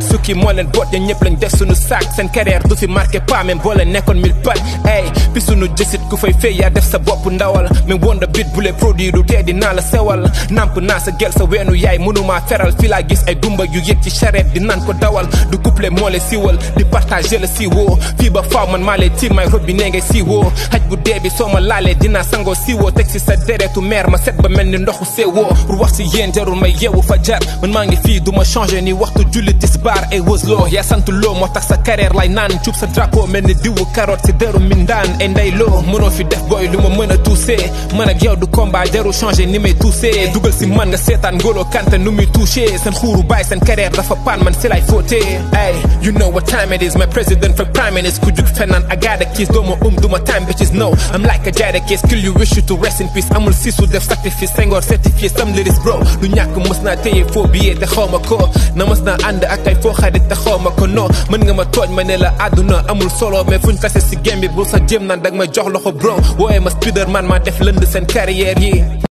suki mo len bot ya ñep lañ def suñu saak sen carrière du fi marqué pas même boo leen nekkoon mille pat ay pi suñu jësit ku fay fay ya def sa bop ndawal mais wonda bit bu lee produit du tee dinaa la sewal namp naa sa gel sa weenu yaay mënumaa feral fi la gis ay dumba yu yëg ci charrette di nan ko dawal du couple mo lee siiwal di partager le siwo fi ba faaw man malé ti tiim may rob bi nee ngay siiwoo xaj bu débi soma soo dina sango siwo sangoo siiwoo sa déretu mère ma set ba melni ndoxu seewoo pour wax ci yéen jarul may yeewu fa jar man ma ngi fii duma changer ni waxtu jullit tisbaar ay wësloo yaa sant loo moo tax sa carrière lay naan cub sa drapeau mel diwu carotte si deru mindaan ay nday loo mënoo fi def booy lu ma mën man ak yow du combat jaru changé ni may touché dugal si man nga seetaan ngolo kante nu muy touché seen xuuru bàyyi carrière dafa paan man si lay fóote ay you know what time it is my president for prime minister ku jug fenaan agaada kiis dooma um duma time bitches no I'm like a jaada kiis kill you wish you to rest in peace amul siisu def sacrifice sengoor certifié sam liris bro du ñàkk mës naa téye foo biyee te xawma ko na mës naa ànd ak tey foo xarit te xaw ma ko non mën nga ma tooj ma ne la àdduna amul solo mais fuñ fese si game bi bul sa jéem naan dag ma jox loxo bro wooye ma Spiderman ma def lënd seen carrière yi